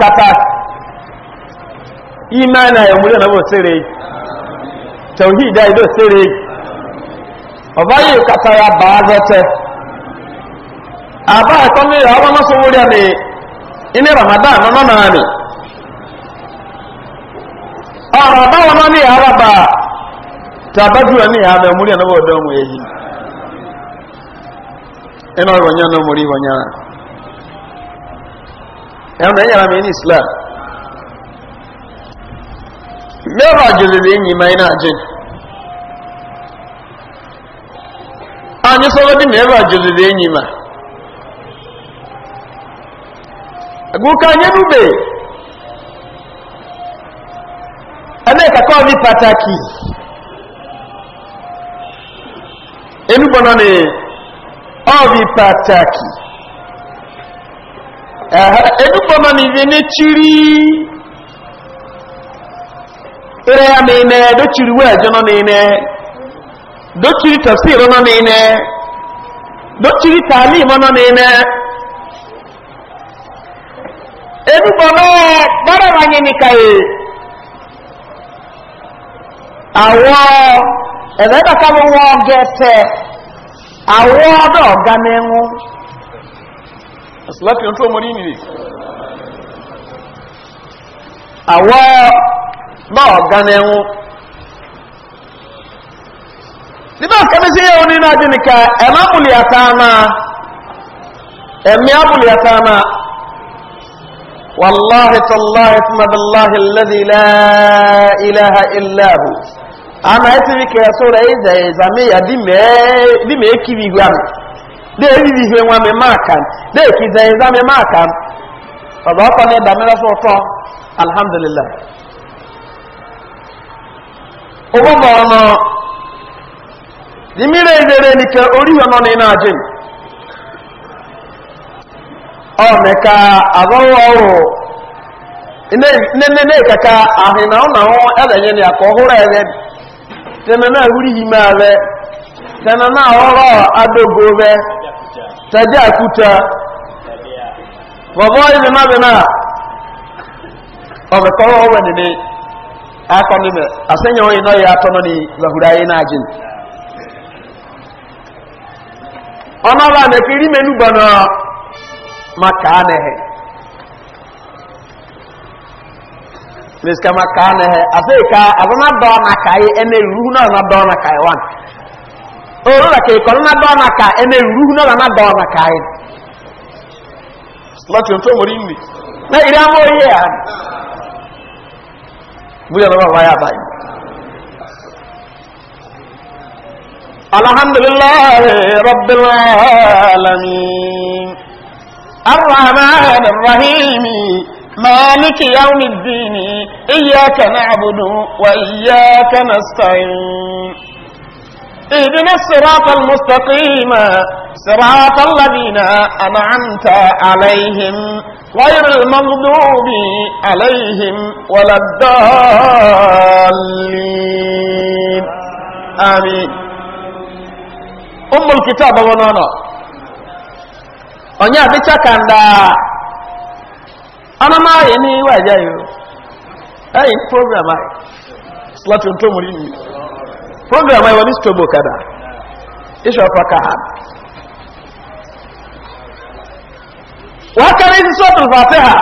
kata imana ya muri na bo sere tauhida ido sere obaye kata ya baazo te aba ko mi aba ma so wuri ami ini ramadan no no na mi ara ba wa ma mi ara ba tabadu ani ya ba muri na bo don we yi ina wonya no muri wonya ya na nyara m ịn islam mmerụ ajụrụ enyi m na-ajụ anyị sọrọ dị mmerụ ajụrụ enyi enyima agụka anyị nube ebe kakọ dị pataki enugbo nọ na ọ pataki enuboma mive n'ekiri ere ya n'ine dochiri weejo nọ n'ine dochiri tafsir nọ n'ine dochiri talim nọ n'ine enuboma gbarabanye nikaye awọ ẹ̀rẹ́dàkàbọ̀ wọ́n gẹ̀ẹ́tẹ̀ awọ ọdọ̀ ọ̀gá n'ẹ̀wọ̀n salatu yon to mori ni awa ba ogane won ni ba ka se yo ni na je ni ka e ma buli atana e mi ثم بالله الذي لا اله الا هو انا اتبك يا سوره اذا زمي دي ما دي ما deeriri ihe nwa mmemme aka m deekize nza mmemme aka m ọzọ ọkọ na ịda mmemme ụtọ alhamdulillah ụgbọgbọ ọnụ dị mmiri ezere n'ike orihe nọ n'ịna ajị m ọ meka azọrọ ọrụ nne na-ekeka ahụ na ụna ahụ elenye ya ka ọ hụrụ ebe tena na-ahụrụ ihe ime abe tena na-ahọrọ adogo ebe tẹ̀dí àkúta bọ̀bọ̀ ìbí má bí náà ọ̀bẹ̀ kọ́wọ́ ọwọ́ nìní akọ́nìmẹ̀ àsẹ́yìn òyìn náà atọ tọ́nà ní ìgbàhùrá yìí náà jìn ọ̀nà bá nẹ̀kì rí mẹ́nu gbọ̀nà maka nẹ̀hẹ̀ mẹ́sìkà maka nẹ̀hẹ̀ àsẹ́yìn ká àbọ̀nà dọ́ọ̀nà kàyé ẹnẹ́ ìrú náà oru na ke na dɔɔ na ka ɛnɛ ruhu na na na ka yi. láti ọ̀tọ́ mọ̀rí nì. na iri ama oyi ya. bóyá lọ́wọ́ àwọn ayé àbáyé. alhamdulilayi rabbi alamin arrahman arrahim مالك يوم الدين إياك نعبد وإياك نستعين اهدنا الصراط المستقيم صراط الذين أنعمت عليهم غير المغضوب عليهم ولا الضالين آمين أم الكتاب ونانا بيتك بيتشاكا أنا ما يني وجايو أي بروجرام أي صلاة يوم program ayi ni stobo kada isha faka hada wa kare si suratul fatiha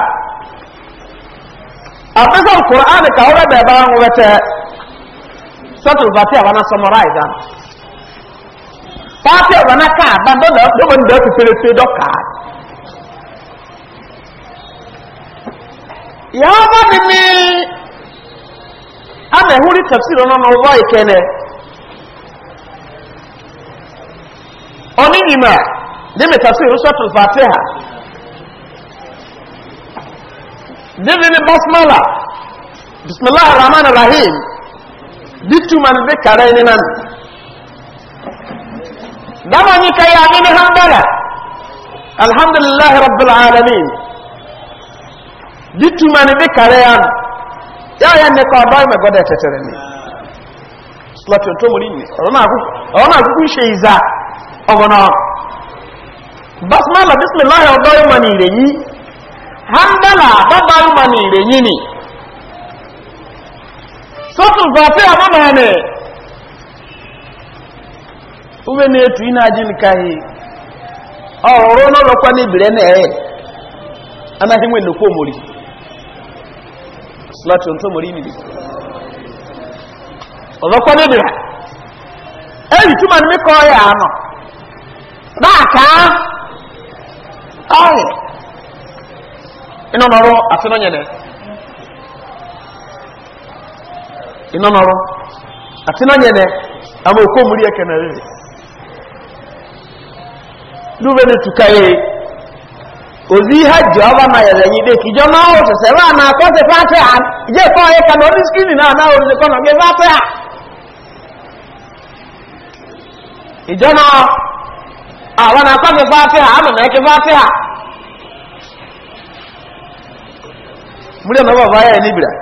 a bisa qur'an ka hore da ba mu wata suratul wana summarize an fatiha wana ka ba do da do ban da ku fere fere doka ya mi ana huri tafsir ona no wa ikene ɔnenyima ne metase rusɔto fatiha dede ne basmala bismillah rahman rahim di tuma ne kare ne nan dama ni kai ani ne hambala alhamdulillah rabbil alamin di tuma ne kare an ya ya ne ko ba me goda tetere ni slot to mo ni ona ku ona ku she iza ọ̀gbọ̀nà basmala bismillah ọ̀dọ́ ìmọ̀ ire yi handala bàbá ìmọ̀ ní ìrèyí ni sọ́tù zọ̀fẹ́ ọmọ ni uwe na etu na ji n'ibire na-ee anaghị nwe nnukwu omori slọtụ ntụ omori niri ọ̀rọ̀kwa n'ibire eyi tụmanụ mịkọ ya anọ báàkà ọ̀rẹ́ iná nọrọ àti náà yẹn iná nọrọ àti náà na àmọ́ okwu òmùrí ẹ̀kẹ́ náà rẹ̀ lúwẹ́ na ihe jẹ́ ọba náà yẹ̀rẹ̀ yìí dé kìjọ náà ó sẹ̀sẹ̀ wà náà kọ́ sí fáfẹ́ à jẹ́ kọ́ ẹ̀ kàdọ̀ ní skínì na. àwọn akọ́ni fáfíà àmàmà ẹ̀kí fáfíà múlẹ̀ mọ́ bàbá ẹ̀ níbìrà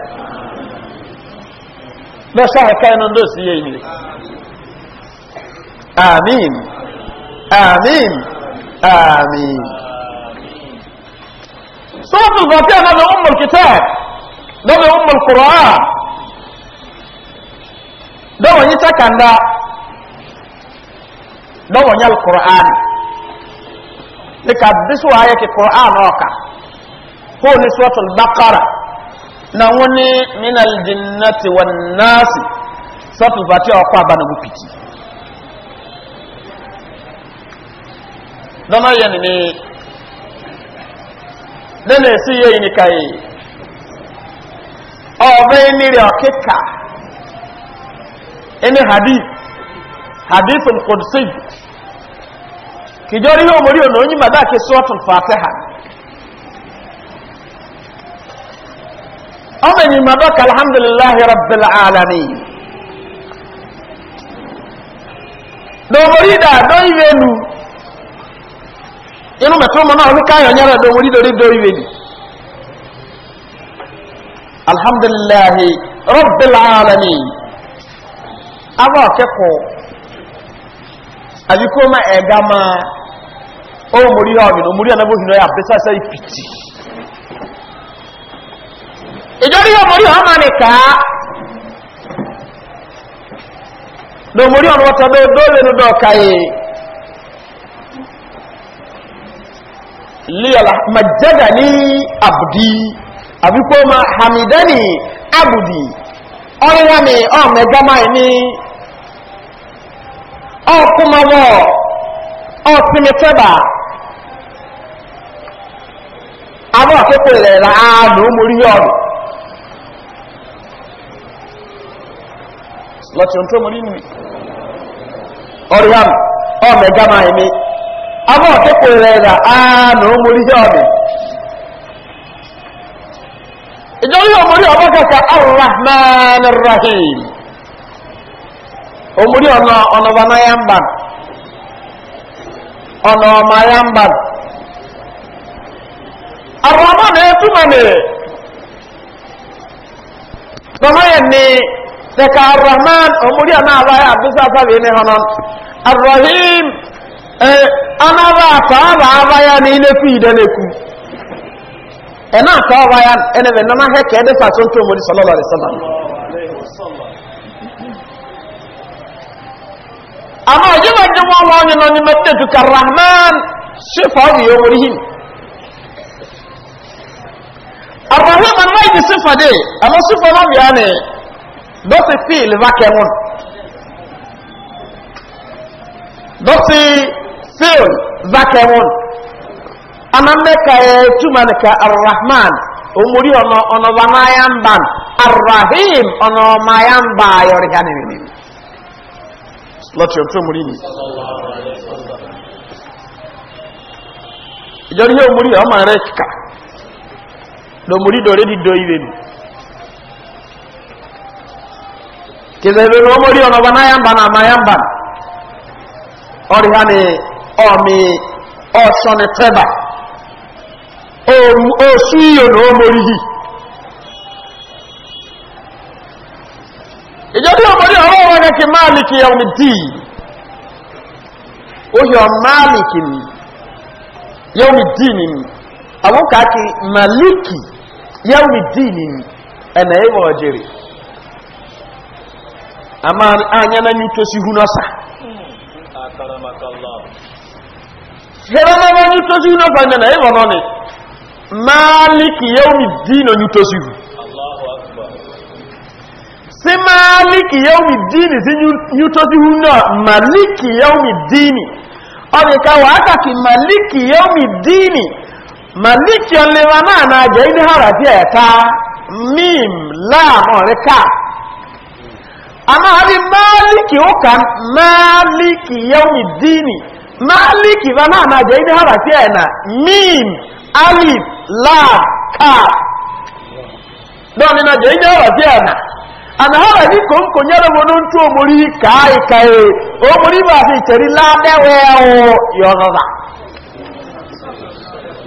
mẹ́sà ẹ̀ká ẹnu ndó sí èyí àmìn àmìn àmìn sọ́ọ̀tù fàfíà náà lọ́wọ́ mọ̀ kìtẹ́ lọ́wọ́ mọ̀ kùrọ̀ á lọ́wọ́ yí tẹ́kàndá lọ́wọ́ alkùrọ̀ dịka bisu ayɛ ke qur'an ɔka hoo ne suratul baqara na wone min aljinnati wannasi suratul fatiha ɔkɔ aba na don dɔnɔ yɛ ne ne ne na esi yɛ yi ne ka yi ɔbɛn ne yɛ hadith hadith al-qudsi kìjọ́rí yóò mọ̀rí ọ̀nà oyin màdá kí sọ́tún fàtíhà ọmọ ènìyàn màdá kà alhamdulillahi rabbil alami dòmòrí dà dóyí wẹ́nu inú mẹ́tọ́ mọ́ náà wíká yọ̀ nyára dòmòrí dòrí dóyí wẹ́nu alhamdulillahi rabbil alami abọ́ kẹ́kọ̀ọ́ àbíkó ma ẹ̀gá máa o mori ya ọmịnụ mori ya na bụhị na ya abịasasa ipiti ịjọrọ ya mori ya ọma n'ịka na mori ya ọmụta dole na ọka ya liyala majadani abudi abikwa ma hamidani abudi ọrụ ya mi ọ megama ya ni ọ kụmọwọ ọ pimetaba abọ́ àkókò rẹ̀ rà áàlù mórí ọ̀rọ̀ lọ́tí ohun tó mórí nìmi ọ̀rìyàn ọmọ ẹ̀gá máa ẹ̀mí abọ́ àkókò rẹ̀ rà áàlù mórí ọ̀rọ̀ ìjọrí ọmọrí ọmọ kẹta arrahman rahim omori ọ̀nà ọ̀nà ọ̀nà ya ń bà ọmọ ya arrahman ya tuma ne bama yanni daga arrahman omuri ana aba ya abisa sabi ne hanan arrahim eh ana ba ta ba aba ya ni ile fi da ne ku ena ta aba ya ene be nana he ke de fa so to omuri sallallahu alaihi wasallam ama jima jima wa ni no ni mette tu karrahman sifa wi omuri hin arrahman wai ni sifa de amma sifa na biya ne dɔsi fiil vake ŋun dɔsi fiil vake ŋun anan eh, tuma ne ka arrahman omuri ɔnɔ ɔnɔ banayan ban arrahim ɔnɔ mayan ba yɔri ka ne ne ne lɔtɔ tó muri ni ìjọba yóò muri ɔmọ rẹ kíkà lòmùrí dòrí dìdò ìwé nù kìsẹ̀ ìbẹ̀rẹ̀ omori ọ̀nà ọba náyàmbà na àmàyàmbà ọrì ha ni ọ̀mì na omori yìí ìjọdí omori ọ̀rọ̀ máàlìkì ọ̀mì dìí oyè ni yọ̀mì dìí ni àwọn kàákì màlìkì yaumi dini ɛna ɛyɛ ɔgyere ama anya na nyuto si hu n'ɔsa na nyuto si hu n'ɔsa nyɛ na ɛyɛ wɔ n'ɔne maliki yaumi dini nyuto si hu si maliki yaumi dini si nyuto si hu maliki yaumi dini ɔde ka wa aka ki maliki yaumi dini maliki ọlẹ́wọ̀n náà jẹ́ ilé hàrà sí ẹ̀ta mím láàmù ríkà àmọ́ àbí máàlìkì ó kà máàlìkì yẹ́wùmí dínì máàlìkì bá náà jẹ́ ilé hàrà sí na mím alif láàkà lọ́nà jẹ́ ilé hàrà sí ẹ̀nà àmàhàrà ní kò ń kò nyẹ́rọ mọ́ ní tó mórí kàáìkàí bá fi ìtẹ̀rí ládẹ́wẹ́ ọ̀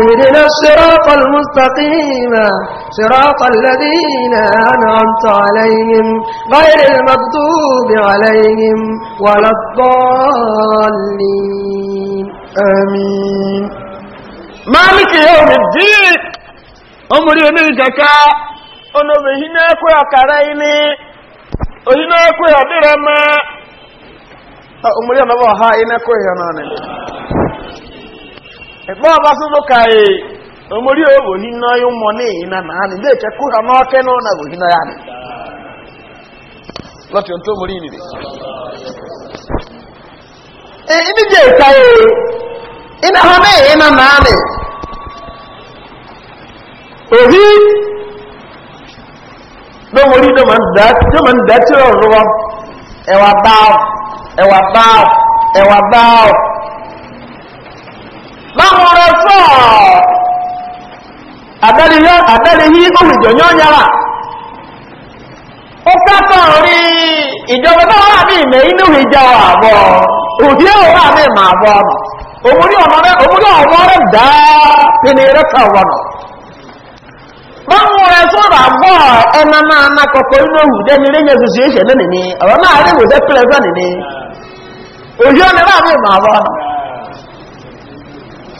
اهدنا الصراط المستقيم صراط الذين أنعمت عليهم غير المغضوب عليهم ولا الضالين آمين مالك يوم الدين الزكاة نيجكا أنه هنا كوي أكاريني هنا كوي أدرما أمري أنا بها هنا كوي هنا ẹ̀fọ́ ọbaṣú ló ka omori òwò nínú na ní ìyìn náà ní ilé ìkẹ́kọ̀ọ́ hàn náà kẹ́ náà wò nínú ọyá ni. lọ́tí ohun tó mori nìyí. ibi jẹ́ ìka iná hàn ní náà ni. òhì láwọn ọ̀sọ́ àbẹ́lẹ̀hí olùjọ̀ ní ọ̀nyára ó kátọ̀ rí ìjọba náà wà ní ìmẹ̀ inú ìjà àbọ̀ òdí ẹ̀wọ̀ wà ní àbọ̀ ọ̀nà òmúrí rẹ̀ dáa pínlẹ̀ báwọn ẹ̀nà máa ná inú òhùdẹ́ ní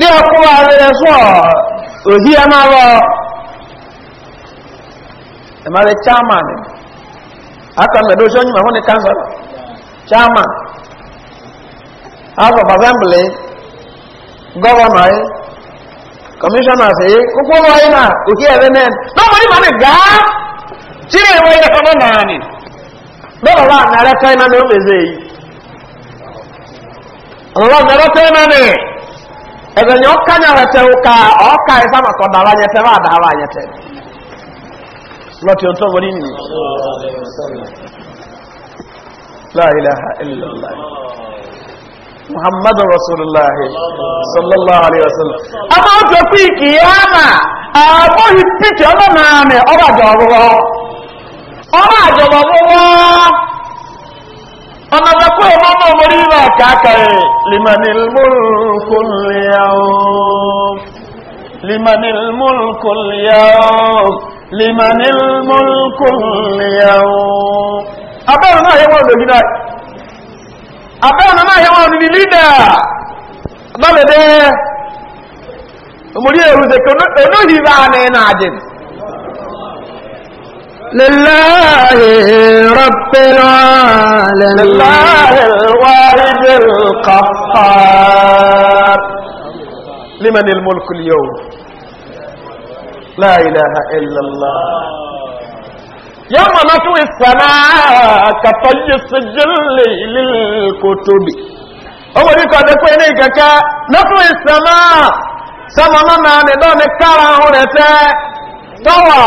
bí ọkùnrin ààrẹ fún ọ̀ òjí ẹ máa rọ ẹ máa rẹ chairman akọ̀mẹ̀dọ́ sọ́yìn màá fún ní councilor chairman house of assembly governor commissioner sí kókó wọ́n yìí náà òkè ẹ̀rẹ́ náà nobody man is gaa tí ní ìwé yẹn fọ́nà náà ni lọ́wọ́ wa àmì àrẹ kọ́ ní ó lè yìí ọ̀rọ̀ àmì àrẹ kọ́ iná ni. ɛbɛnyɛ ɔka nya hɛtɛw ka ɔka ɛsɛ ama kɔ dara nyɛ tɛ ba dara nyɛ tɛ lɔtɛ ɔtɔ wɔn ni nyi laayilaha illallah muhammadu rasulillah sallallahu alayhi wa sallam ama ọ̀nà bẹ̀kọ́ ọmọ náà mọ̀ rí náà kàákàrẹ̀ limanilmulkulyau abẹ́rùn náà yẹwọ́n lò gídá abẹ́rùn náà yẹwọ́n lò lídà lọ́lẹ̀dẹ́ mọ̀rí èrùsẹ̀kọ́ onóhìí bá ní náà jẹ́ لله رب العالمين لله الواحد القهار لمن الملك اليوم لا إله إلا الله يوم نطوي السماء كطي السجل للكتب هو يقعد كويني كاكا نطوي السماء سما ماما ندوني كارا هنا توا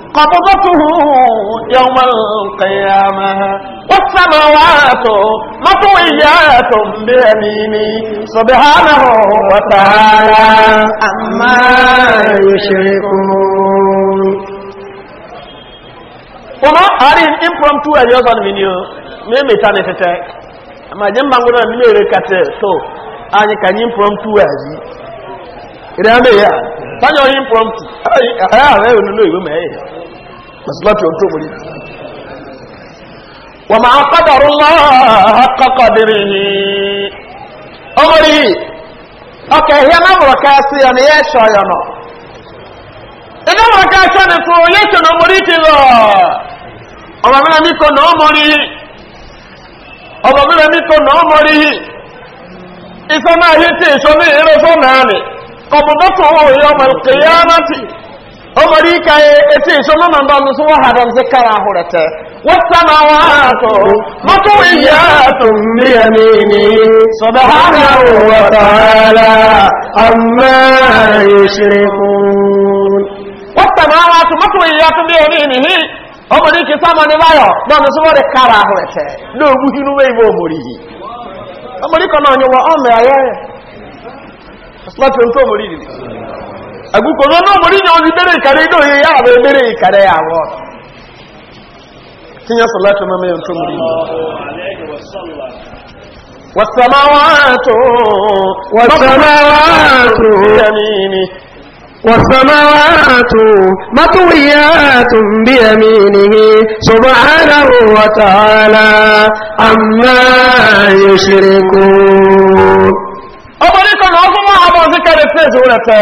قبضته يوم القيامة والسماوات مطويات بيميني سبحانه وتعالى عما يشركون kuma harin impromptu a yosan video me mai ta ne tete amma jin bangunan mini rekata so an yi kan impromptu a ji idan mai ya tanyo impromptu a yi a rayuwa nuna iwe mai ya masalati ọ̀tọ́ mọ̀rí wà máa kọ́dọ̀rọ̀ lọ́kọ̀kọ̀ dìrì ní ọmọrí ọkẹ̀ ìyá náà mọ̀rọ̀ ká sí ọ̀nà yẹ́ ṣọ́ ọ̀nà iná mọ̀rọ̀ ká sí ọ̀nà fún olè ṣọ̀nà ọmọrí ti lọ ọmọ mi rẹ̀ mi kò nà ọmọrí ọmọ mi rẹ̀ ìrẹ́fọ́ mẹ́rin kọ̀bùdọ́tò owó ìyá ọmọ omori kaye ete isomo na ndo nusu wa hadam se kara hurete wasamawatu matwiyatun bi yamini subhanahu wa ta'ala amma yushrikun wasamawatu matwiyatun bi yaminihi omori ki sama ni bayo ndo nusu wa de kara hurete do buhinu we bo omori aye agugo no no mori nyo di bere kare do ye ya be bere kare ya wo tinya salatu mama yon to mori والسماوات والسماوات يميني والسماوات مطويات بيمينه سبحانه وتعالى عما يشركون أبريكم أظن أبو ذكر الفيز ولته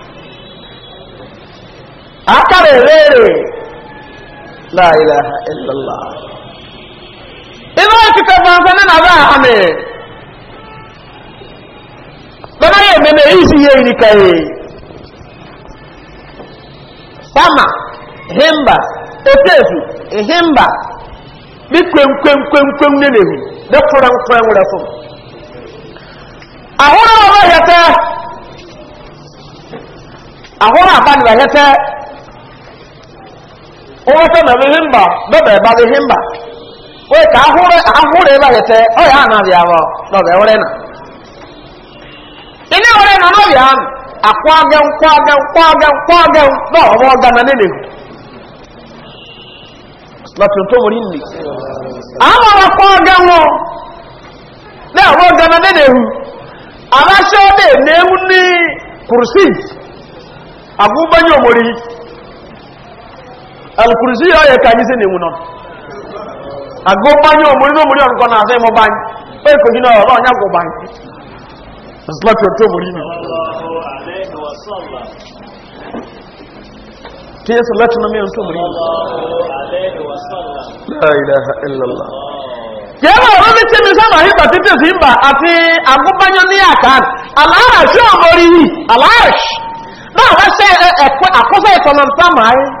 akara erere la ilala. illallah ibe okike banza ne na ba hame bana ye meme isi ye ni kai e. sama himba etezu himba bi kwem kwem kwem kwem ne ne hu de furan Ahụrụ wura so ahora Ahụrụ yata ahora ba ni ba ụwọta na ihe mba dọba ịba ihe mba wee ka ahụrụ ebe ahịte ọ ya anaghị abụ dọba ewere na ịna ewere na n'ọbịa ahụ akwa aga nkwa aga nkwa aga nkwa aga n'ọbụ ọga na nenehu na tó wuri Nne. ama ma kwa aga nwụ na-abụ ọga na nenehu abasị ọ dị na-ewu ndị kursi agụbanye omori alukurusi yɛ ɔyɛ kanyi sɛ n'ewu nɔ ago banyi omori n'omori ɔnukɔ n'asɛ mo banyi oye kogi na ɔlɔ ɔnya go banyi asila tó tó omori mi. tiye sɔlɔ tó nomi ɔntó omori mi. láyìlá ilàlá. yẹ́n bá wọn bí tíyẹn sábà yìí bá títí sí mbà àti ago banyi ní àkàn aláàṣì omori yìí aláàṣì náà wọ́n ṣe ẹ̀kọ́ àkóso ìtọ́nà sábà yìí.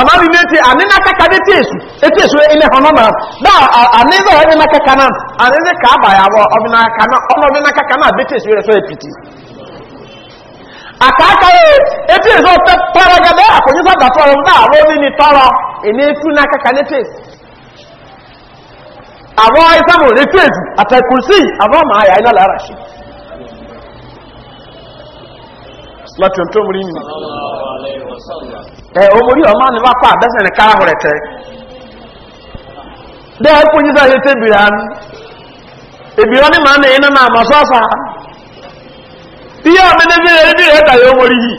amami meti ani na kaka de tiesu etiesu ene hono na da ani za ene na kaka na ani ze ka ba ya bo obi na kaka na ono bi na kaka na de tiesu re so epiti akaka e etiesu te para ga da akonyi da toro na abo ni ni toro ene tu na kaka ne tiesu abo ai sa mo re tiesu ata kursi abo ma ya ina la rashi lọ́tọ̀ntọ́ mú rí nìyí ẹ̀ omori ọmọ ni wápá àbẹ́sẹ̀ ní kára hù rẹ̀tẹ̀ dẹ́ ẹkùn yíṣà yẹ tẹ́bìrì àánú èbìrì ọ́nì máa nìyí náà àmọ́ sọ́ọ̀sà iye ọ̀mí ní bíi ẹbí rẹ̀ tàyẹ omori yìí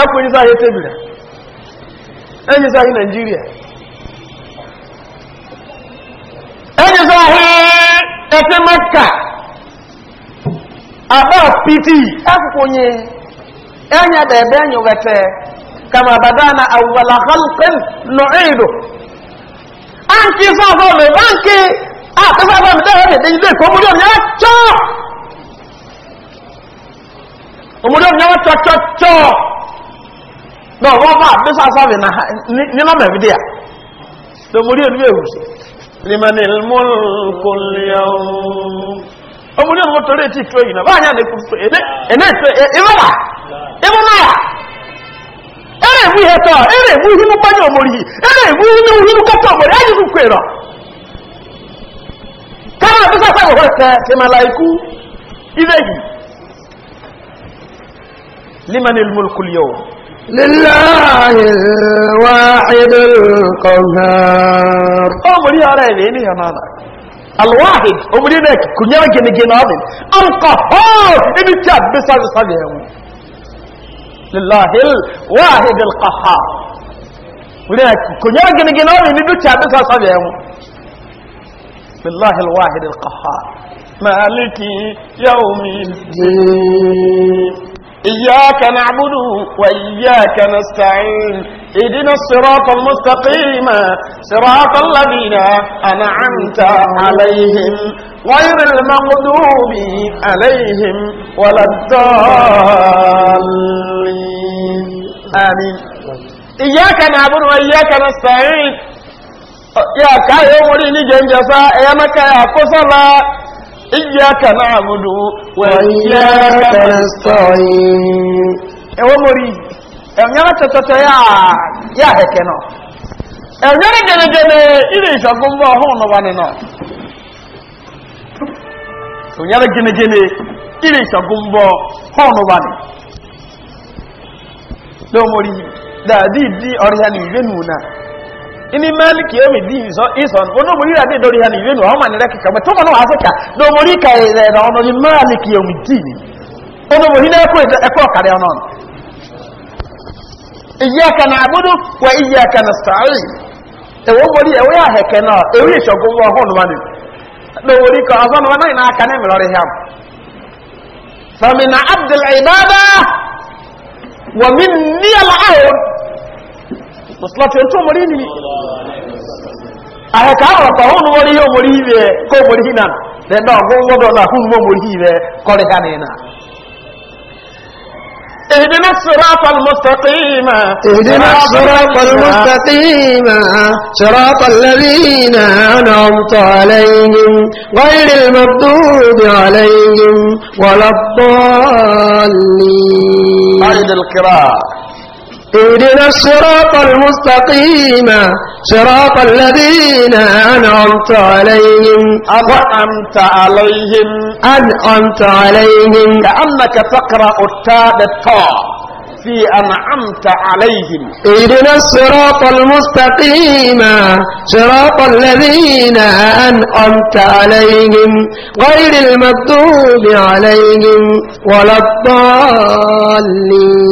ẹkùn yíṣà yẹ tẹ́bìrì ẹ̀yìn nàìjíríà abaa piti akụkụ nye enye da kama badana awala halkin nu'idu anki sọsọ mi banki a ah, kasa ba mi dẹrẹ de ilé ìkó omúdé òmìnira tọ omúdé òmìnira tọ tọ tọ náà wọ́n bá bí sọsọ mi nínú mẹ́fìdí à lomúdé òmìnira èwùsì limanil mulkul yawm ọmọ ní ọmọ torí ètí ìfẹ́ yìí náà báyìí náà lẹ́kùn fẹ́ ẹ̀nẹ́ ìfẹ́ ìwọ́wà ìwọ́nàyà ẹ̀rẹ̀ ìwú ihe tọ́ ẹ̀rẹ̀ ìwú ihe mọ́pá ní ọmọrí ẹ̀rẹ̀ ìwú ihe ihe kọ́kọ́ ọmọrí ayé kúkú ẹ̀rọ káwọn ẹ̀fẹ́ الواحد أمرينك كنيرا جن جنابين القهار إن تاب بسر صليهم لله الواحد القهار ولك كنيرا جن جنابين إن تاب بسر صليهم لله الواحد القهار مالك يوم الدين إياك نعبد وإياك نستعين إدنا الصراط المستقيم صراط الذين أنعمت عليهم غير المغضوب عليهم ولا الضالين آمين إياك نعبد وإياك نستعين يا كايو مريني جنجسا يا مكا يا كسلا إياك نعبد وإياك نستعين ẹwọ mori ẹnyẹrẹ tẹtẹtẹ yà yà hẹkẹ nọ ẹnyẹrẹ gẹnẹgẹnẹ nọ ẹnyẹrẹ gẹnẹgẹnẹ ilé ìṣàgùn mbọ ọhún ọmọ nị lọ mori dàdí ini maliki yomi dini so ison ono muri ade dori hani yenu homa ni rekika ma tomo no aseka no muri ka ere eh, eh, no no ni maliki yomi dini ono muri na ko e ko kare ono iyyaka na'budu wa iyyaka nasta'in e wo muri e wo ya heke no e wi shogo wo ho no mani no muri ka aso no na ina aka ne mi lori ham fa min abdul ibada wa min niyal ahd Masalatu yantu muri kó mọ̀ اهدنا الصراط المستقيم اهدنا الصراط المستقيم صراط الذين أنعمت عليهم غير المردود عليهم ولا الضالين أعد الكرام اهدنا الصراط المستقيم صراط الذين أنعمت عليهم أنعمت عليهم أنعمت عليهم كأنك تقرأ التاء بالطاء في أنعمت عليهم اهدنا الصراط المستقيم صراط الذين أنعمت عليهم غير المكتوب عليهم ولا الضالين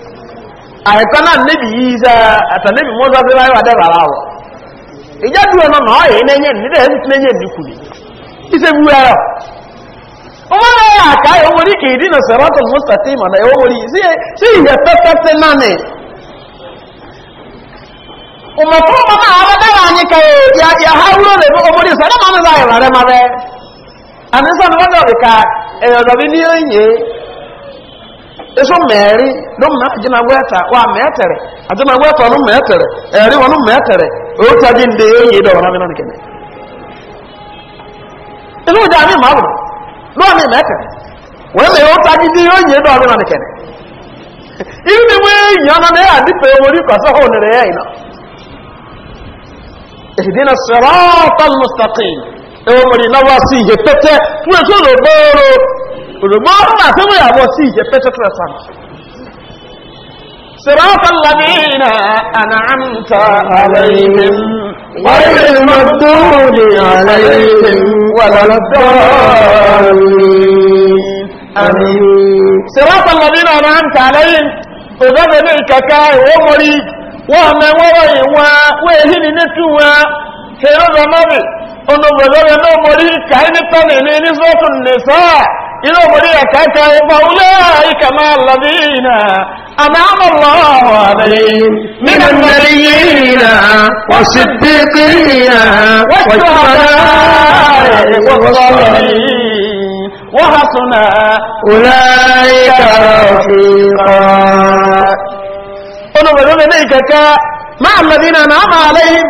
àìkọ́nà níbi yìí sẹ́ àtànẹ́bì mọ́ sọ́sẹ́ láyé wà dẹ́rà láwọ̀ ìjádùn ọ̀nà náà yìí lẹ́yìn nílẹ̀ ẹ̀sì tí lẹ́yìn nìkù ní iṣẹ́ bú ẹ̀rọ ọmọ náà yà ká ẹ̀wọ̀n orí kìí dínà sẹ̀rọ̀tọ̀ mustapha mọ̀nà ẹ̀wọ̀n orí sí ìyẹ̀ pẹ́pẹ́pẹ́ náà ni ọmọ fún ọmọ náà àwọn dẹ́rà ní kẹ́ yà ha wúrò rẹ̀ ọmọ eso mɛɛri no mɛ agyina wɛta wa mɛɛtɛrɛ agyina wɛta e no mɛɛtɛrɛ ɛɛri wɔ no mɛɛtɛrɛ ota di nde eyi dɛ ɔna mena nkɛnɛ ɛnu gya ne maa wɔ no ɔne mɛɛtɛrɛ wɔn mɛ ota di di eyi dɛ ɔna ibi na ɛyɛ adi hɔ ne na ehidi na sɛrɛ ɔɔtɔ mustaqim ɛwɔ mɔri na pɛtɛ olùgbọ́ ọ̀rọ̀ àti wọ́n yàwó sí ìjẹ pẹ́tẹ́tẹ́ sàn صراط الذين أنعمت عليهم غير المغضوب عليهم ولا الضالين آمين صراط الذين أنعمت عليهم أذن الككاء ومريك وهم وريوا ويهن نتوا خير الرمضي أنه بذل نوم مريك كأن الطنين نسوة النساء inú mọ̀rí ẹ̀ka ta ọmọ ulẹ̀ ìkàmà lọ́dínà àmàmà lọ́wọ́ àbẹ̀yìn nínú mẹ́rin yìí nà wọ́n sì bí kí nà wọ́n sì wọ́n ulẹ̀ ìkàrà òfìkà. olùwẹ̀rẹ̀ ní ìkẹ̀kẹ́ máa lọ́dínà náà máa lẹ́yìn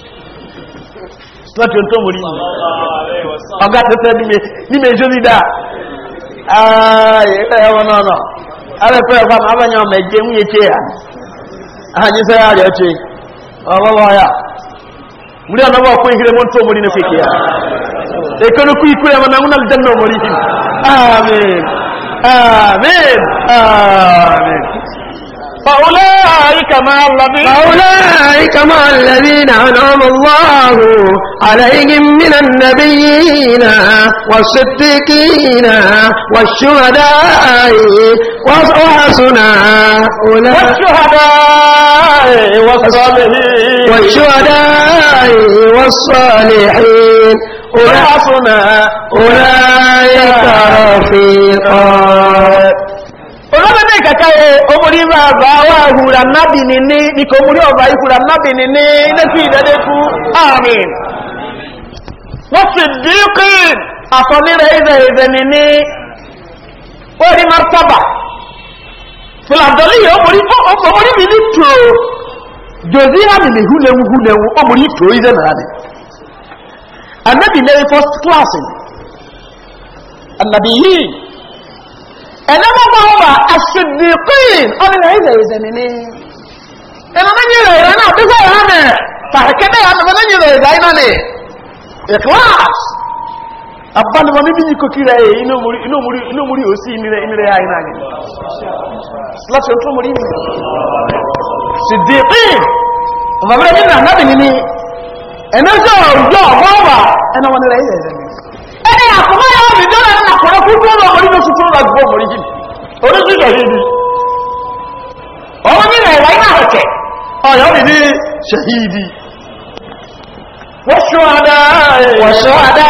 láti ohun tó mú rí ọgá tẹ́tẹ́ nímẹ̀ ìjó dídá ẹwọ ya múlẹ̀ ọ̀nà wọ́n kún ìhìrẹ́ mọ́ tó mú rí ní kéèké ya èkónú kú ikú ẹ̀mọ́ náà múnàlì jẹ́ náà mọ̀ rí him amen amen amen فأولئك مع الذين فأولئك مع الذين أنعم الله عليهم من النبيين والصديقين والشهداء وحسن أولئك والشهداء والصالحين والشهداء والصالحين وحسن أولئك رفيقا kawo omori ba ba wa hura nabi ni ni ni ko omori oba hura nabi ni ni ne fi dade ku amin wa siddiqin afanira ida ni ni ori martaba fil abdali omori omori bi ni to jozi ha hulewu hulewu omori to na first class annabiyin ẹ̀nàmọ́ bá wọ́n bá aṣèdìkín ọmọ ilẹ̀ ìzẹ̀ ìzẹ̀ mi ní ẹ̀nàmọ́ ní ilẹ̀ ìrẹ́ náà pípẹ́ ìrẹ́ mẹ́ pàkẹ́dẹ́ àmọ́ ní ilẹ̀ ìzẹ̀ iná ni ìkíláàs abánimọ̀ níbi yìí kòkí rẹ̀ inú múrí òsì ìmìrẹ̀ àìná ni láti ọ̀tún múrí mi ṣèdìkín ọmọ mi ní nànábì ní ẹ̀nàjọ́ ọ̀gbọ́ ọ̀gbọ́ ọ̀gbà ẹ̀nàmọ́ ní ilẹ̀ ìzẹ̀ mi kọ̀rọ̀ kú tó lọ mọ̀rí lóṣù tó lọ gbọ́ mọ̀rí yìí oríṣi ṣẹ̀hìdì ọmọ nílẹ̀ ẹ̀rọ iná ọ̀kẹ́ ọ̀yọ́ mi ní ṣẹ̀hìdì wọ́ṣọ́ adá wọ́ṣọ́ adá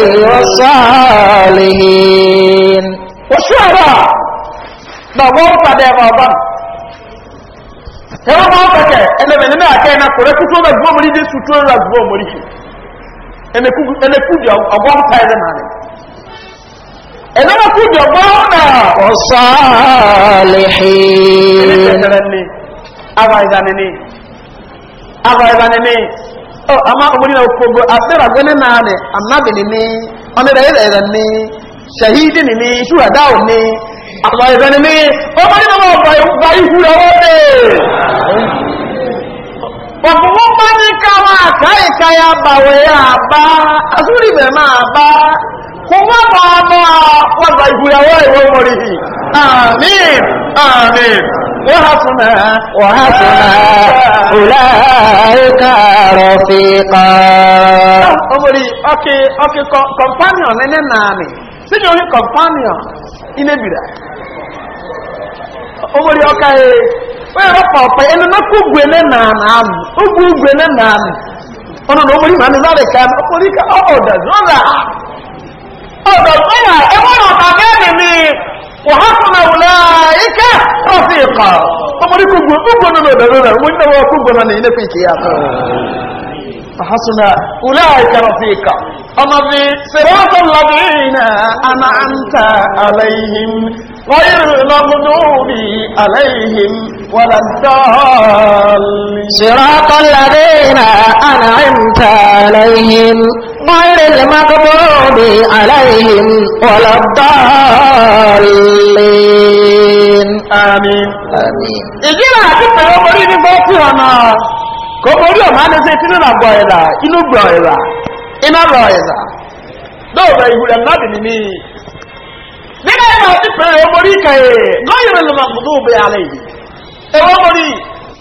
ìrọ̀sọ́ọ̀lẹ́yìn wọ́ṣọ́ adá lọ́gbọ́n padà ẹ̀rọ ọba ẹ̀rọ ọba mọ̀rí yìí ẹnẹkú di ọgbọ́n ta ẹ̀rẹ́ ẹ̀nàmà kú jọgbọ́nà ọ̀sọ́lẹ̀hìn o ama omori na okogo asira gani na ne annabi ne ni ọmọ ẹ̀rẹ̀ ẹ̀rẹ̀ ni ṣahidi ne ni ṣúwàdá ò ní àwọn ẹ̀rẹ̀ ni ni omori na wọ́n bá ihu rẹ̀ wọ́n dẹ̀ ọ̀pọ̀pọ̀ bá ní káwọn àkáyíkáyà bàwẹ̀ àbá asúrìbẹ̀ máa bá kuma bàbá wọ́nà ìgbìyàwó ìwọ mọ̀rí hì àmín àmín wọ́n ha súnà wọ́n ha súnà ọ̀lá ìkàrọ̀ fi kọ́ ọmọrí ọkì ọkì kọmpanion ẹni nàánì sínú orí kọmpanion inébìrà ọmọrí ọkà ẹ ugwu yẹ̀rọ pọ̀pẹ́ ẹni náà kan فضلنا امان عطاقاني وحسن أولئك رفيقا تمريكو قلتوكو نمو دمنا وإنه وكوكو نمينا في كياسة فحسن أولئك رفيقا أما في صراط الذين أنعمت عليهم غير المغضوب عليهم ولا الضالين صراط الذين أنعمت عليهم غير المغضوب عليهم ولا الضالين آمين آمين ìjìnlẹ̀ àkíkà ọmọrí ní bọ́ọ̀tì ọ̀nà kò mórí ọ̀mà ní sí ìtìlẹ̀ àgbọ̀ ẹ̀dà inú gbọ̀ ẹ̀dà iná rọ̀ ẹ̀dà lóòrẹ̀ ìhùrẹ̀ lábì ní ní nígbà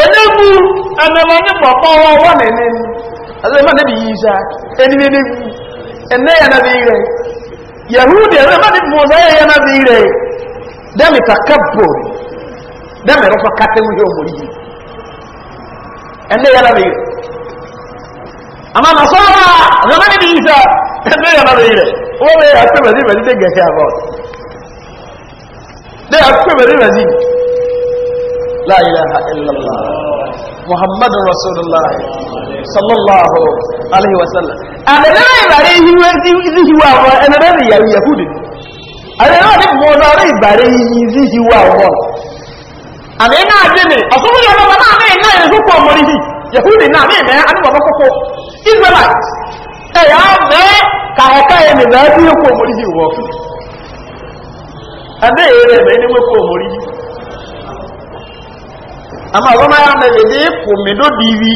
enebu ẹnẹmọ ní pọpọ ọwọ nìní ẹsẹ ẹmọ níbi yìí sá ẹni ní níbi ẹnẹ yẹn náà bí rẹ yahudi ẹnẹ ẹmọ níbi mọsá yẹn yẹn náà bí rẹ dẹmi takabo dẹmi rọpò kátẹwù yẹn ọmọ yìí ẹnẹ yẹn náà bí rẹ àmà nasọ́ra ẹnẹ níbi yìí sá wọ́n bẹ yà pé bẹ̀rẹ̀ bẹ̀rẹ̀ dé àbọ̀ dé yà pé bẹ̀rẹ̀ bẹ̀rẹ̀ a ụ e ọgị aa na aghị ya e kw i yahodi na aa aaụ ie ka he a a eme aụghị kwụ omorihi we ere ye we kwụ omoihi ama ọgọma ya mẹ dede kòmìdó dìrì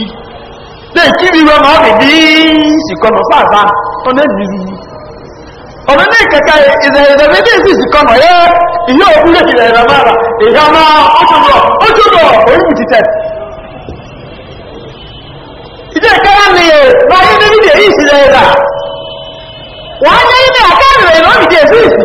dèé kíbi wọn ma ọbẹ dìín sìkọnà fàáfà ọdẹ dìrì ọdẹ ní kẹkẹ ìdẹrẹdẹ bí dèé sìkọnà yẹ ìyẹ òkú yẹ ìdẹrẹdẹ bá rà ìyá ọmọ ọjọbọ ọjọbọ oríkù títẹ báyé á ilé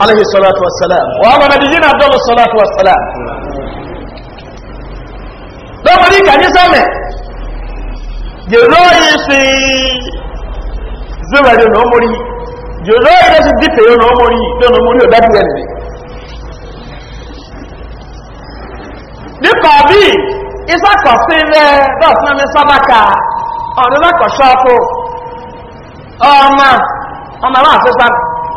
عليه الصلاة والسلام وعلى نبينا عبد الله الصلاة والسلام لو مريك أن يسمع جزوي في زبد الأمري جزوي نفس الدفع الأمري دون أمري ودد يلي nípa bí ìsàkọ̀sí rẹ̀ dọ̀sán ní sábàkà ọ̀dọ́dọ́kọ̀ ṣọ́ọ̀tù ọmọ ọmọ aláàfẹ́sàkọ̀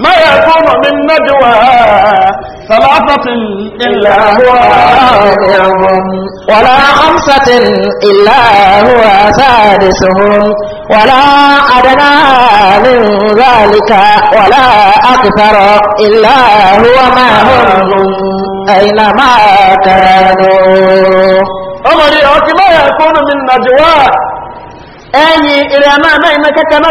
ما يكون من نجوى ثلاثة إلا هو رابعهم ولا خمسة إلا هو سادسهم ولا أدنى من ذلك ولا أكثر إلا هو معهم أينما كانوا أمري أوكي ما يكون من نجوى أني إلى ما ما إنك كما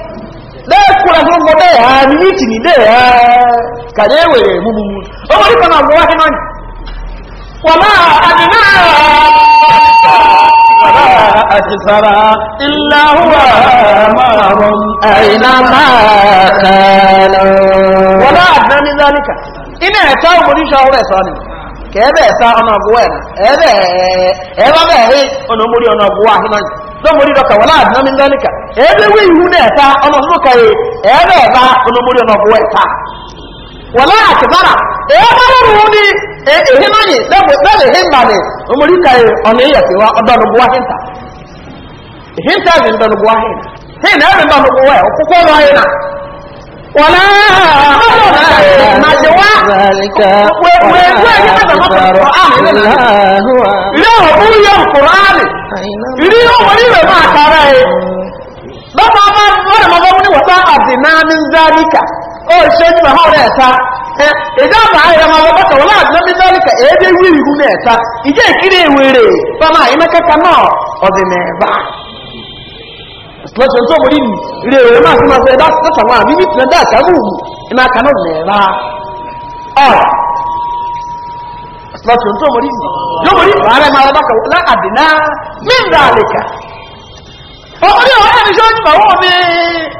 dẹ́kùnra fún ọmọ bẹ́ẹ̀ ha ní mítì ní bẹ́ẹ̀ ha kàdé ọmọ nípa náà wọ́n wáyé wọ́n máa àdínà àṣìṣàrà ìlàhùwà márùn àìná máa kààlọ́ wọ́n máa àdínà ní záníkà iná ẹ̀ta òmòdíṣà ọ̀rẹ́ ẹ̀sọ́ ni ebe ihu na-eta ọnụ nụka ebe ebe olomori ọnọbụwa eta wala ebe ehe ihe omori ka ya na ebe ndọ̀nùbụwa ya ọkwụkwọ ọrụ anyị na wọlá àmàjẹwà wẹ̀wẹ̀ wee ẹgbẹ́ ẹgbẹ́ mọ́tò ọ̀hánì Ihe ọ̀sá àdìnàmí zálíkà ó ṣe ń pẹ̀họ́ rẹ̀ ta ìjábà ayẹyẹ máa wọ́n pọ̀tọ̀ wọ́n àdìnàmí zálíka èédé wíìrì hù ìjẹ́ ìkíni ìwèrè fọmọ àyímẹ́kẹ́kẹ́ náà ọ̀dìnà ẹ̀bá tó mọ̀rí rẹ̀ rẹ̀ máa àbí iná ọ̀ tó mọ̀rí yóò mọ̀rí máa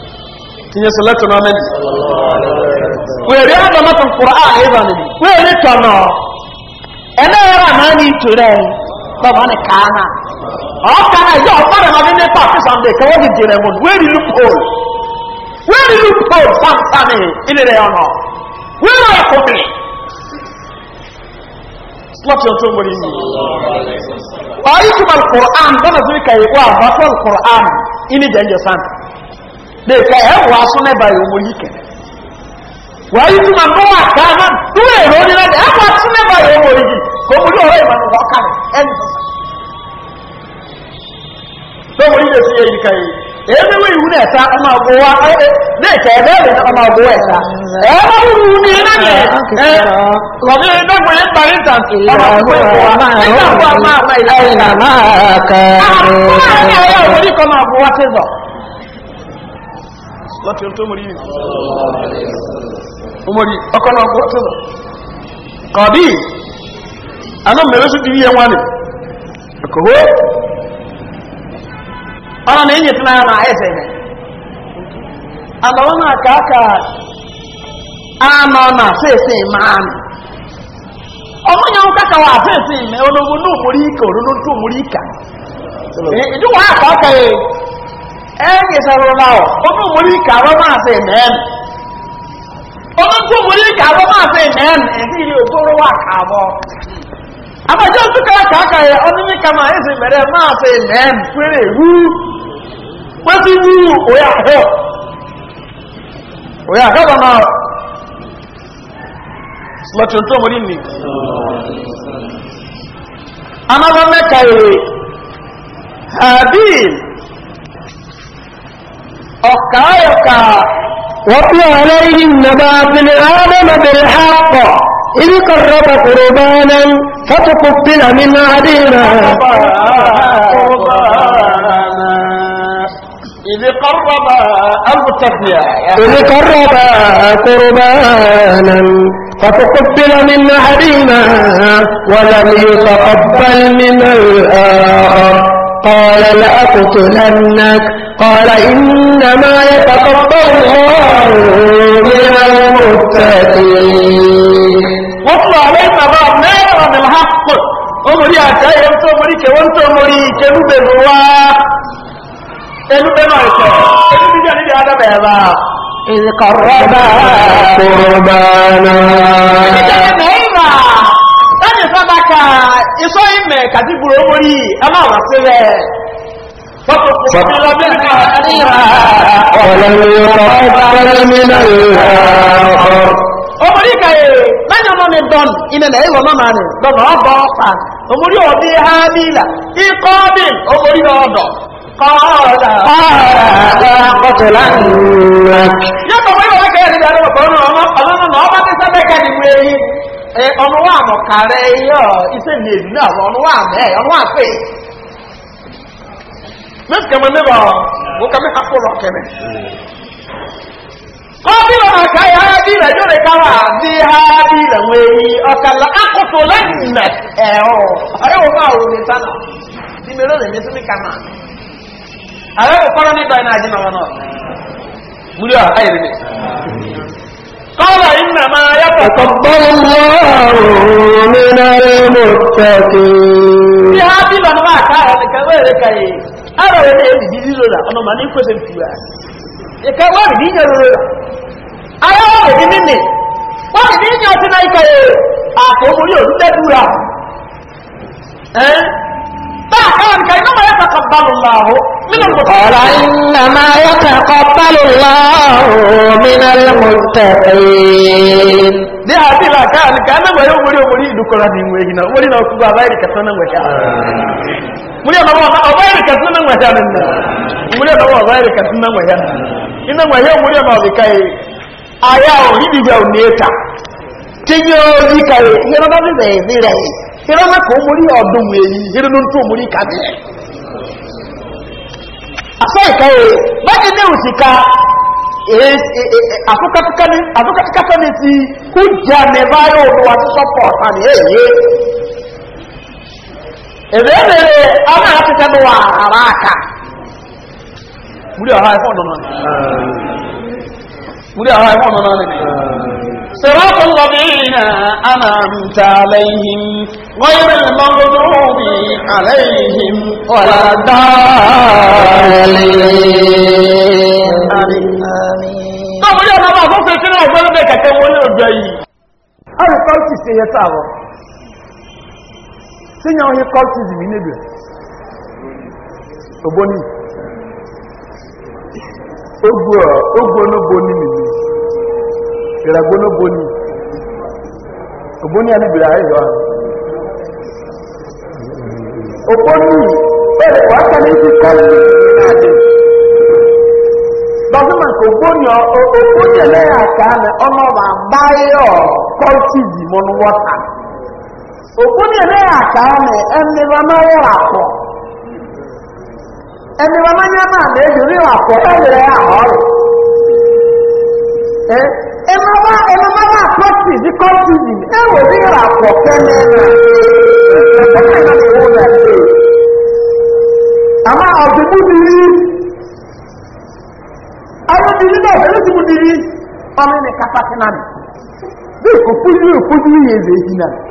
tinye salatu na nabi wèrè àdàmọ́tò kùrọ̀ àìbà nìbi wèrè tọ̀nà ẹ̀nà ẹ̀rọ àmàlì ìtòrẹ́ bàbá ni kàánà ọ̀ọ́kà náà yọ ọ̀pára náà bí nípa àfihàn dé kẹwọ́ di jẹrẹ mọ́ wẹ́rì lúpọ̀l wẹ́rì lúpọ̀l sáńsáni ilé rẹ̀ ọ̀nà wẹ́rì ọ̀kùnrin slọ́tì ọ̀tún mọ̀rí yìí ọ̀yí kùmọ̀ kùrọ̀ àn bọ́nà sí kàyẹ̀kọ́ Quran? In the ilé jẹ́ dèkà ẹ̀ wọ aso náà báyìí ọmọ yìí kẹ̀lẹ́ wàá yìí túmọ̀ ní wọ́n àká náà ní wọ́n èrò ní lẹ́dẹ̀ ẹ̀ wọ aso náà ọrụ ọmọ yìí kò mú ní ọ̀rọ̀ ìmọ̀ ní ní sọ́sà. lọ́wọ́ yìí lè fi èyí ká yìí ọmọ àgbo ọmọ àgbo láti ọ̀tọ́ mọ̀rí yìí ọmọdé ọkọ̀ náà kọ̀dí aná mẹ́rẹ́ sí dìrí yẹn ní ẹ̀kọ̀wọ́ ọ̀nà ní ẹ̀yẹ̀ tẹ́lá náà ẹ̀ẹ́sẹ̀ rẹ̀ àbáwọn náà kàákà àmà náà fèsì ń kàkà wà ẹ̀yẹ sọ̀rọ̀lá ọ̀ ọdún mórí ìkàwọ́ máa ṣe mẹ́ẹ̀mù ọdún tó mórí ìkàwọ́ máa ṣe mẹ́ẹ̀mù ẹ̀sí ilé òtóró wà kààbọ̀ àbájọ́ tó kẹ́rẹ́ kàákà yẹ ọdún ní kama ẹ̀sìn mẹ́rẹ́ máa ṣe kwere péré wú wọ́n ti wú òyà àhọ́ òyà àhọ́ bọ̀ náà tó أكايكا عليهم نبأ ابن آدم بالحق إذ قرب قربانا فتقبل من أحدهما إذ قربا إذ قربا قربانا فتقبل من أحدهما ولم يتقبل من الآخر قال لأقتلنك قال إن إنما يتقبل الله من المتقين واتل عليك بعض ما يرى بالحق أمري أتاي أنت أمريك وأنت أمريك نبي الله نبي ما يتقبل نبي جانب هذا بيضا إذ قربا قربانا Ẹni sábà ka ìsọ́ ìmẹ̀ kàdígbùrò mórí, ẹ máa wà sílẹ̀. فقتل منها أسيرا ولم يتقبل من الآخر أمريكا من يمن الدم إن العيوة ممان دم أباطا أمري أبي هابيلا إقابل أمري أبا قال قال لا قتلنك يبقى ما يبقى كيف يبقى أنا بقول أنا أنا أنا أنا أنا أنا ọ̀nùwà àmọ̀kàrẹ̀ yọ ìsẹ́yìn èdè náà ọ̀nùwà àmẹ́ ọ̀nùwà àfẹ́ mẹ́fì kẹmọ níbà mú kàmí àpọ̀lọ̀ kẹmẹ kọ́bí ọ̀nà káyà bí rẹ̀ yóò rẹ̀ káwà bí ha bí rẹ̀ wọ́n èyí ọ̀kàlà akọ̀tò lẹ́yìn ẹ̀họ́ ọ̀rẹ́wọ̀n máa wò ní sánà bí mi ní náà rẹ̀ mọ̀ tẹ́kì bí ha bí lọ́nà máa ká ara rẹ̀ ní èdè yìí rírọ̀ ọ̀nà mà ní pèsè ìtura ìka wà ní ìyẹn rírọ̀ ara wà ní mímì wà ní ìyẹn ọtí náà ìka yìí àpò orí òdú lẹ́dúrà ẹ́ báà káwọn nìkan iná máa yàtọ̀ kọ̀bálù láàrú nínú ìgbòkọ̀ ọ̀la iná máa yàtọ̀ nìkan náà wọ́n yóò muryar na wasa a bayar kasu nan wa shanin nan muryar na wasa bayar kasu nan wa shanin ina wa yau muryar na wasa kai a yawo hidi da neta tinye ozi kai hira na zai zai zai rai hira na ko muri ọdun mu yi hira nun to muri ka ne a sai kai ba ki ne usika afukatukani afukatukani ti hujja ne bayo wa support and hey hey ebe mere ọ na-asịsị bụ ara aka muri ọha ife ọnụnọ muri صراط الذين أنعمت عليهم غير المغضوب عليهم ولا الضالين آمين. طب يا بابا فكرة وقول لك كم ولد جاي. أنا قلت سيتابع. sínú ọ̀hìn cultism níbi ògbóni ogbónógbóni nìbi ìràgbónógbóni ògbóni alìbìrì àìyọ ògbóni bẹ́ẹ̀ e, wà tẹ́lẹ̀ sí aka okponyere ya ka akpọ na ejiri akpọ e nyere ya ahụ ọrụ ememara akpọ si dị kọntini ewere ya akpọ kemere ama ọdịbụ diri ọrụ diri na obere dịbụ diri ọnụ na dị okponyere okponyere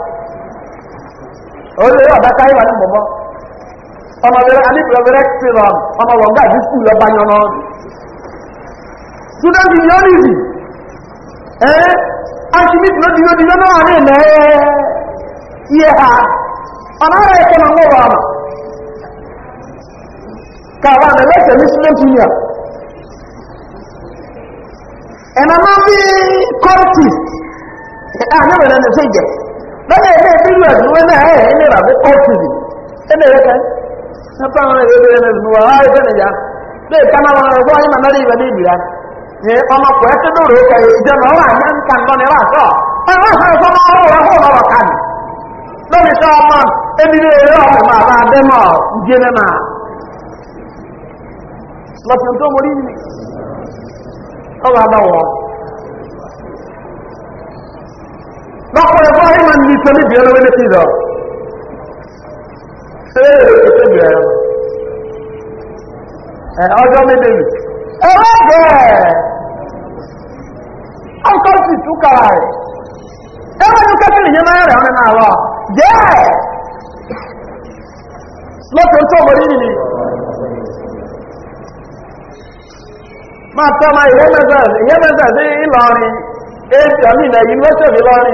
olè yóò dáká wà ní mọ̀mọ́ ọmọbìnrin alíbìrẹ̀bìrẹ̀ ti rọ ọmọ wọ̀ngá àti skul ọba yan náà student unionism ẹ asimiti ló di lódi lọ́nà àárín ilẹ̀ ha ẹ̀kọ́ na ní student union ẹ̀nà máa bí ẹ̀ bẹ́ẹ̀ ní ìbílù ẹ̀dùnúwẹ́ náà ẹ̀ ẹ̀ nira bó kọ́ọ̀tùlì ẹ̀nà ẹ̀rẹ́ kan nípa àwọn ẹ̀rẹ́ ẹ̀rẹ́ ẹ̀dùnúwà wá ẹ̀fẹ́ nìyà bẹ́ẹ̀ ká máa wọn ọ̀gbọ́n yìí màmá rí ìbẹ̀lẹ̀ ìbìlá ẹ̀ ọmọkùn ẹ̀ tẹ́lẹ̀ rẹ̀ kẹ̀ ìjọba ọ̀rọ̀ àyẹ̀ ń kà ńlọ níwà sọ ọ̀rọ̀ àṣẹ ọ̀sọ́ máa wọ̀ wọ́n wọ̀ wọ̀ kàn lórí sọ ọmọ ní mà lọ́sìn tó lọ́pọ̀ ẹ̀fọ́ ìmọ̀ ní ìtọ́lé ìbí ọlọ́wé ní ìdọ̀ ọjọ́ méjèèjì ẹ̀rọ bẹ́ẹ̀ ọkọ̀ sì túkàrà rẹ̀ ẹ̀rọ ní kẹ́kẹ́ ìyẹn máa rẹ̀ ọ̀nà àwọ̀ jẹ́ lọ́pọ̀ tó mọ̀ nínú ni ihe tọ́ ma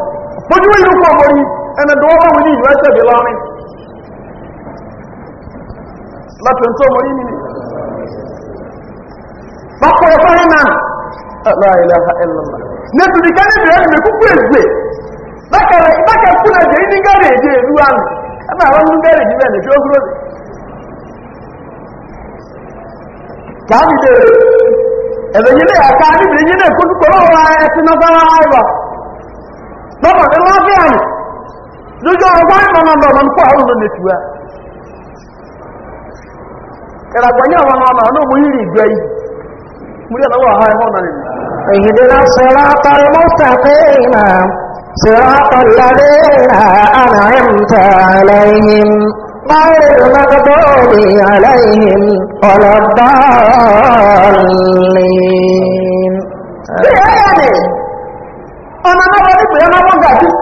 bójú wọ́n yìí kọ́ mọ́rí ẹni dọ́wọ́ bá wọ́n ní ìlú ẹ̀ṣẹ̀ bí lọ́rin láti ń tó mọ́rí nínú bọ́kọ̀ ọ̀fẹ́ iná aláìláha ẹlọ́lá nítorí ká níbi ẹni mẹ́kúkú ègbè bákẹ̀ kú ní èdè ní ní yìí lè níbi yìí lè kó lọ́pọ̀ sí láfíà ní lójú ọgbà ìmọ̀nà ọ̀nà nípa ọ̀rùn ló nètù ẹ ìràgbọ̀nyẹ́ àwọn ọmọ ọmọ ọmọ yìí rí ìgbẹ́ yìí mú yẹ lọ́wọ́ ọ̀há ẹ̀họ́ náà nìyí. èyí dínà sọ̀rọ̀ àtàrí mọ́tà pé ìmọ̀ sọ̀rọ̀ àtàrí أنعمت عليهم غير المغضوب عليهم ولا الضالين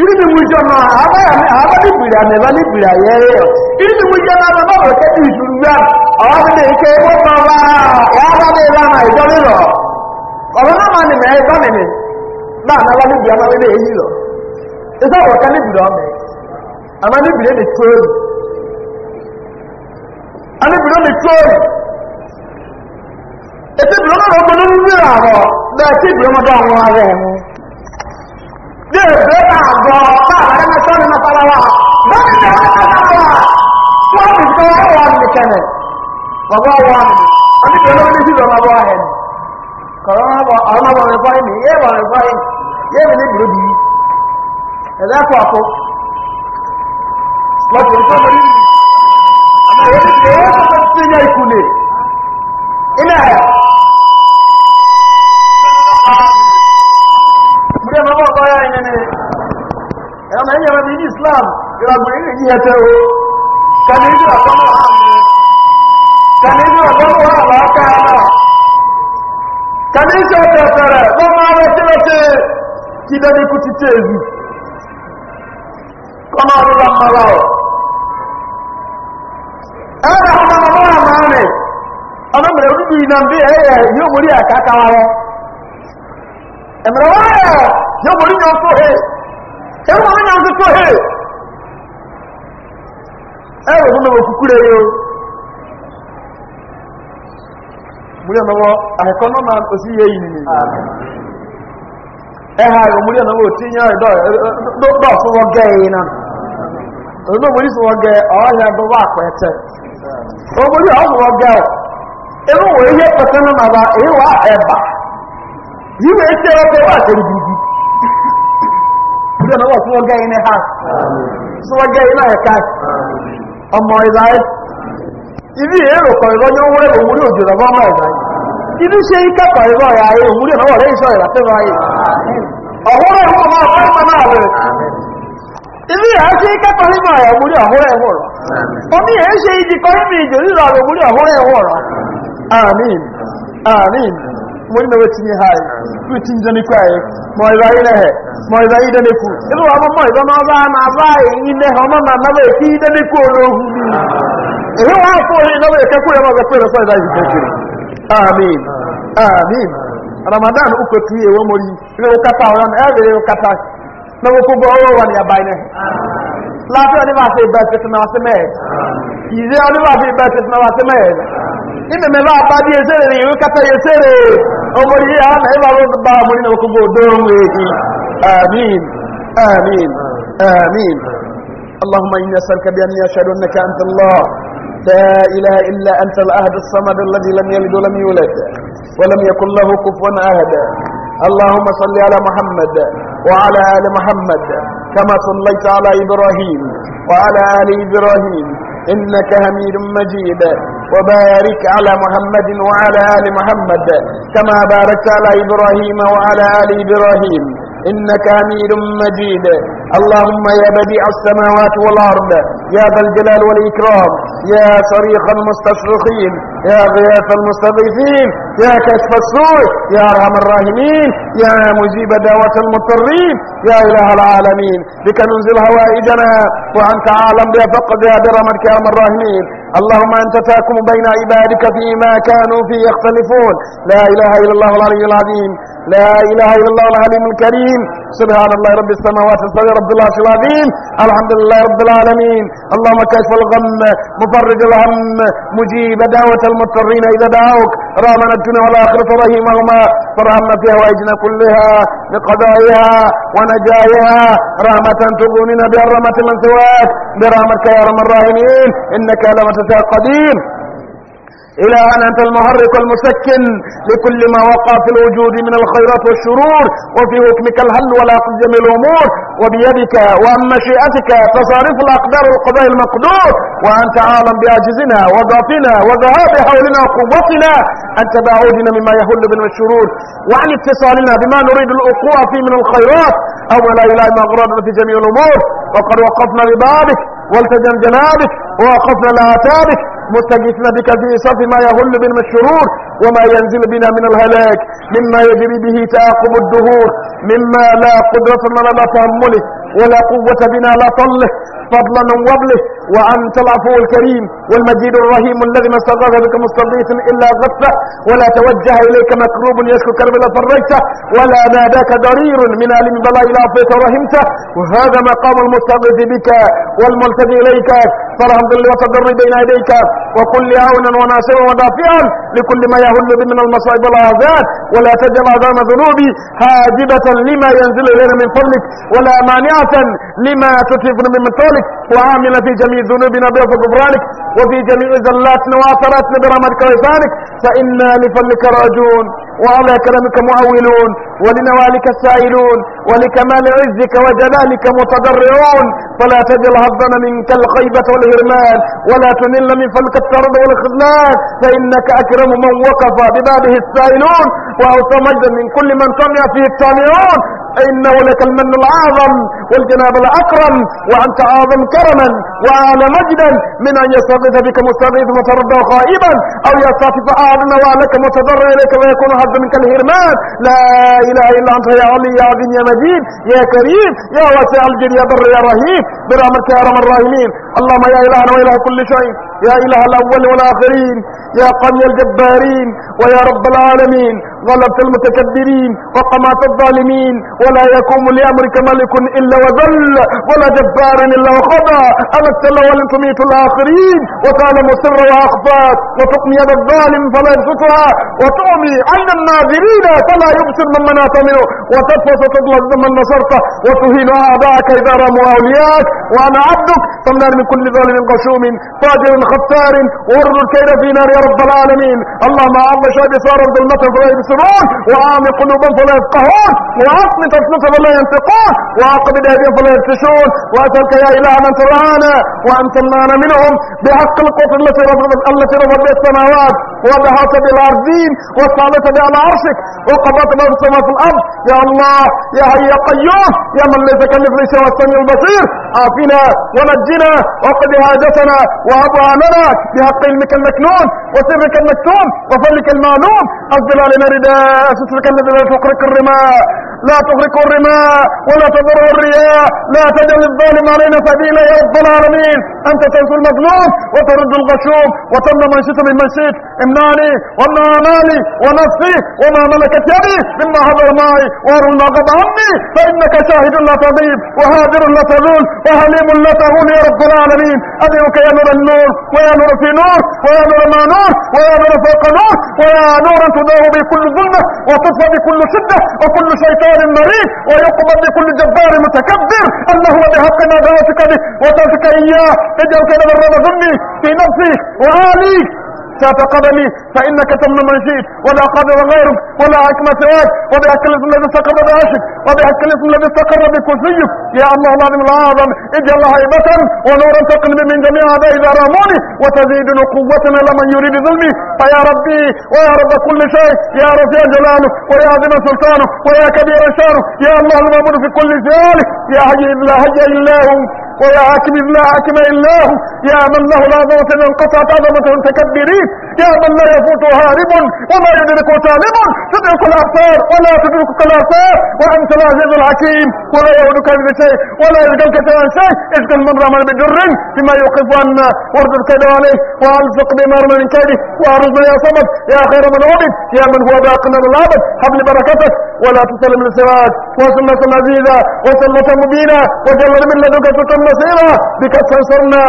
irimi mujọ na abali biri ana ebali anyị na ama ma wete ti èdè náà gbọ́ báàbá ní na masalawa lórí ní wọ́n náà gbọ́ sọ́ni tó wọ́n wọ́n ní kẹ́nẹ̀ bàbá wọ́n ní onídìí olórí sí lọ́nà bọ́ ẹ̀ ní kọ̀rọ̀nà bọ̀ ọ̀rọ̀nà bọ̀ rẹ̀ fọ́yìn ní islam ìràgbọ̀ yìí ẹ̀tẹ́ o kàníjú àtọ́nà kàníjú àtọ́nà àlàáká náà kàníjú ọ̀tẹ̀ẹ̀tẹ̀rẹ̀ lọ́mọ ààrẹ kérésì kí dẹ́nikú ti tẹ́ èzù kọ́nà ọ̀rọ̀lá mara ọ̀ ẹ̀rọ ọmọ ọmọ àmà he ẹwẹ̀ fún mẹ́wọ̀ kúkúrẹ́ yóò múrí ọ̀nàwọ́ àìkọ́ náà máa tó sí iye yìí nìyí ẹ̀hà ẹ̀rọ múrí ọ̀nàwọ́ tí yán ẹ̀dọ́ fún wọ́n gẹ́ ẹ̀yìn náà ọ̀nà múrí yìí kúrò náà wà fún ọgá yìí ní ha sí wọ́n gẹ́ yìí náà ẹ̀ka ọmọ ìzáyé ibi èrò kọ̀ ìrọ́ ní owó ẹ̀rọ òmúrí òjò lọ́wọ́ ọmọ ìzáyé ibi ṣe ikẹ́kọ̀ ìrọ́ ìyá ayé òmúrí náà wà lẹ́yìn sọ̀rọ̀ ìrọ̀tẹ́ wáyé ọ̀húnrẹ́ ìwọ̀n ọmọ ọ̀pọ̀ náà rẹ̀ ibi ẹ̀ ṣe ikẹ́kọ̀ nínú àyà òmúrí ọ̀húnrẹ́ ìwọ̀rọ̀ omi ẹ̀ ṣe ìdíkọ́ nínú ìjò lílọ àrùn òmúrí ọ̀húnrẹ́ ìwọ̀rọ̀ àmín muri na wetinye hayi wetinje ni kwaye moiza na he na za na za na na we ki ile ne ro hu wa ko na we ka ma ga ku ro kwaye ji amin amin ramadan uko tuye wo mori ile na e na láti ọdíbà sí ibẹ̀ tètè náà sí mẹ́ẹ̀ ìdí ọdíbà sí ibẹ̀ tètè náà sí mẹ́ẹ̀ nínú mẹ́fà àbájí ẹsẹ̀rẹ̀ rẹ̀ ìwé kẹta ẹsẹ̀rẹ̀ ọmọ yìí àwọn náà ìbára ọdún bára mú nínú ọkọ̀ ọdún èyí amin amin amin اللهم إني أسألك بأني أشهد أنك أنت الله لا إله إلا أنت الأهد الصمد الذي لم يلد ولم يولد ولم يكن له كفوا أهدا اللهم صل على محمد وعلى آل محمد كما صليت على إبراهيم وعلى آل إبراهيم إنك حميد مجيد وبارك على محمد وعلى آل محمد كما باركت على إبراهيم وعلى آل إبراهيم إنك حميد مجيد اللهم يا بديع السماوات والأرض يا ذا الجلال والإكرام يا صريخ المستصرخين يا غياث المستضيفين يا كشف السوء يا أرحم الراحمين يا مجيب دعوة المضطرين يا إله العالمين بك ننزل هوائجنا وأنت عالم بها فقد يا برمك يا أرحم الراحمين اللهم أنت تحكم بين عبادك فيما كانوا فيه يختلفون لا إله إلا الله العلي العظيم لا إله إلا الله العليم الكريم سبحان الله رب السماوات والأرض رب العرش العظيم الحمد لله رب العالمين اللهم كشف الغم مفرج الهم مجيب دعوة المضطرين إذا دعوك رامنا الدنيا والآخرة رحمهما فرحمنا فيها وأجنا كلها بقضائها ونجائها رحمة تغنينا بها الرحمة من سواك برحمتك يا رب الراحمين إنك لم تتاق قدير إلى أن أنت المحرك المسكن لكل ما وقع في الوجود من الخيرات والشرور وفي حكمك الهل ولا في جميع الأمور وبيدك وأن مشيئتك تصارف الأقدار والقضاء المقدور وأنت عالم بأجزنا وضعفنا وذهاب حولنا وقوتنا أن تباعدنا مما يهل من الشرور وعن اتصالنا بما نريد الوقوع فيه من الخيرات أولا إلى أغراضنا في جميع الأمور وقد وقفنا ببابك والتزم جنابك ووقفنا لآتابك متجثنا بك في صف ما يهل بنا الشرور وما ينزل بنا من الهلاك مما يجري به تعاقب الدهور مما لا قدرة لنا لا تحمله ولا قوة بنا لا طله فضلا من وضله وأنت العفو الكريم والمجيد الرحيم الذي ما استغاث بك مستضيف إلا غفة ولا توجه إليك مكروب يشكو كرب لا فرجته ولا ناداك ضرير من ألم بلاء إلى عفوك ورحمته وهذا مقام المستغيث بك والملتجي إليك فالحمد لله وتضر بين يديك وكل عونا وناصرا ودافعا لكل ما يهل بي من المصائب والعذاب ولا تجعل عظام ذنوبي حاجبة لما ينزل إلينا من فضلك ولا مانعة لما تتلفنا من فضلك غفرانك وعاملنا في جميع ذنوبنا بيوف غفرانك وفي جميع زلاتنا وآثاراتنا برحمتك وإحسانك فإنا لفضلك راجون وعلى كلامك معولون ولنوالك سائلون ولكمال عزك وجلالك متضرعون فلا تجل هضنا منك الخيبة والهرمان ولا تنل من فلك الترد والخذلان فإنك أكرم من وقف ببابه السائلون وأوصى مجدا من كل من سمع فيه التامعون إنه لك المن الأعظم والجناب الأكرم وأنت أعظم كرما وأعلى مجدا من أن يستغيث بك مستغيث متربى خائبا أو يستغيث أعلنا وأهلك متضرع إليك ويكون حظ منك الهرمان لا إله إلا أنت يا علي يا عظيم يا مجيد يا كريم يا واسع الجد يا بر يا رهيب برحمتك يا أرحم الراحمين اللهم يا إلهنا وإله كل شيء يا إله الأول والآخرين يا قوي الجبارين ويا رب العالمين ظلمت المتكبرين وقمعت الظالمين ولا يقوم لأمرك ملك إلا وذل ولا جبار إلا وخضع أمت الأولين تميت الآخرين وتعلم السر وأخفى وتقني يد الظالم فلا يبسطها وتعمي عين الناظرين فلا يبصر من منات منه وتفوس تضلد من نصرته وتهين أعداءك إذا راموا أولياك وأنا عبدك فمنار من كل ظالم غشوم فاجر خسار وارد الكيد في نار يا رب العالمين اللهم أعظم شاب صار ظلمة فلا يبصرون وأعمي قلوبهم فلا يفقهون وأصمت أصمت فلا ينطقون وأعقب بأيديهم فلا يبتشون وأسألك يا إله من سرعانا وأن تمنعنا منهم بحق القوة التي رفضت التي رفضت بها السماوات وضعت بالأرضين وصالت بها على عرشك وقبضت بها السماء في الأرض يا الله يا حي يا قيوم يا من ليس كالمثل سوى السميع البصير عافنا ونجنا وقد هاجتنا وأبراننا بحق علمك المكنون وسرك المكتوم وفضلك المعلوم الظلال نرداء ستلك الذي لا تغرق الرماء لا تغرق الرماء ولا تضر الرياء لا تجعل الظالم علينا سبيلا يا رب العالمين أنت تنصر المظلوم وترد الغشوم وتمنى من شئت من من شئت امناني وما مالي ونفسي وما ملكت يدي مما حضر معي وارو ما عني فإنك شاهد لا تغيب وهادر لا تزول وهليم لا تهون يا رب العالمين أدعوك يا نور النور ويا نور في نور ويا نور مع نور ويا نور فوق نور ويا نورا تدار بكل ظلمة وتطفى بكل شدة وكل شيطان مريض ويقبض بكل جبار متكبر اللهم بحق ما دعوتك به وتركك إياه اجعل كان من رضى ظني في نفسي وعاليك ستقبلي فإنك تمن من شئت ولا قادر غيرك ولا حكم سواك وبحق الاسم الذي استقر بعرشك وبحق الاسم الذي استقر بكرسيك يا الله العظيم الأعظم اجعل هيبة ونورا تقلب من جميع اذا راموني وتزيدني قوة لمن يريد ظلمي فيا ربي ويا رب كل شيء يا رفيع جلاله ويا عظيم سلطانه ويا كبير شانه يا الله المعبود في كل شيء يا حي لا حي إلا هو ويا حاكم لا حاكم إلا هو يا من له لا موت انقطعت عظمة المتكبرين يا من لا يفوت هارب وما يدرك طالب تدرك الأبصار ولا تدركك الأبصار وأنت العزيز الحكيم ولا يهلك شيء ولا يلقاك عن شيء اشغل من رمى بجر بما يوقف عنا واردد كيده عليه والزق بمرمى من كيده وارزنا يا صمد يا خير من عبد يا من هو باقنا بالعبد حبل بركتك ولا تسلم السراج وسنة عزيزة وسنة مبينة وجل من لدنك سلطان المصير بك استنصرنا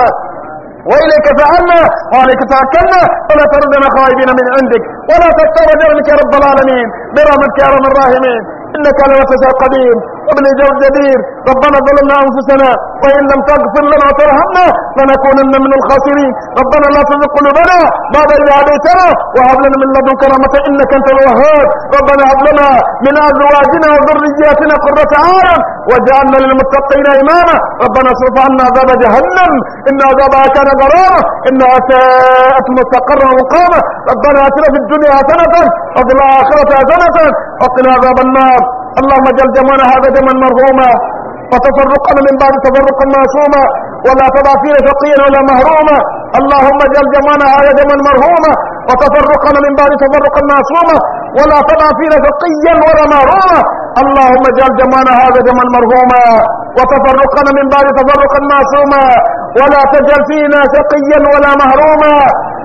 وإليك فعلنا وعليك توكلنا فلا تردنا خائبين من عندك ولا تختار برحمتك يا رب العالمين برحمتك يا رب الراحمين إنك على القديم قدير وبالإجابة جدير ربنا ظلمنا أنفسنا وإن لم تغفر لنا وترحمنا لنكونن من الخاسرين ربنا لا تزغ قلوبنا بعد إذ هديتنا وهب لنا من لدنك رحمة إنك أنت الوهاب ربنا هب لنا من أزواجنا وذرياتنا قرة عالم وجعلنا للمتقين إماما ربنا اصرف عنا عذاب جهنم إن عذابها كان غراما إنها ساءت مستقرا مقاما ربنا آتنا في الدنيا حسنة وفي الآخرة حسنة وقنا عذاب النار اللهم اجعل جمعنا هذا جمعا مرغوما وتفرقنا من بعد تفرقا معصوما ولا تضع فينا شقيا ولا مهروما اللهم اجعل جمعنا هذا جمعا مرهوما وتفرقنا من بعد تفرقا معصوما ولا تضع فينا شقيا ولا مهروما اللهم اجعل جمعنا هذا جمعا مرحوما وتفرقنا من بعد تفرقا معصوما ولا تجعل فينا شقيا ولا مهروما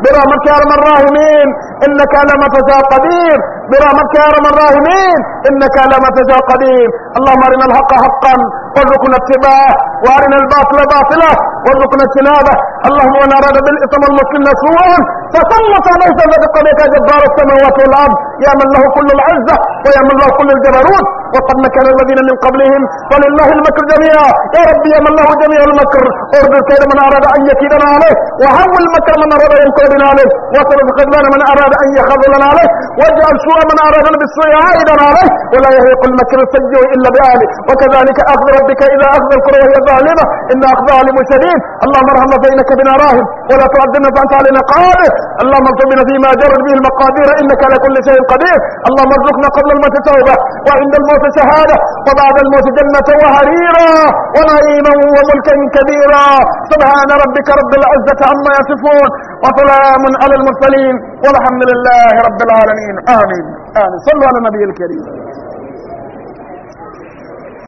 برحمتك يا ارحم الراحمين انك على ما قديم قدير برحمتك يا ارحم الراحمين انك على ما قديم قدير اللهم ارنا الحق حقا وارزقنا اتباعه وارنا الباطل باطلا وارزقنا اجتنابه اللهم من اراد بالاثم المسلم سوءا فسلط عليه فقد قضيت جبار السماوات والارض يا من له كل العزه ويا من له كل الجبروت وقد مكر الذين من قبلهم ولله المكر جميعا يا ربي يا من له جميع المكر اربط كيد من اراد ان يكيدنا عليه وهو المكر من اراد ان يكيدنا عليه واصرف خذلان من اراد ان يخذلنا عليه واجعل سوء من اراد بالسوء عائدا عليه ولا يهيق المكر السيء الا باهله وكذلك اخذ ربك اذا اخذ القرى وهي ظالمه ان اخذها علم شديد اللهم ارحم بينك بنا راهب ولا تعذبنا فانت علينا قادر اللهم ارزقنا فيما جرت به المقادير انك على كل شيء قدير اللهم ارزقنا قبل الموت توبه وعند الموت الموت شهادة وبعد الموت جنة وهريرا ونعيما وملكا كبيرا سبحان ربك رب العزة عما يصفون وسلام على المرسلين والحمد لله رب العالمين آمين آمين صلوا على النبي الكريم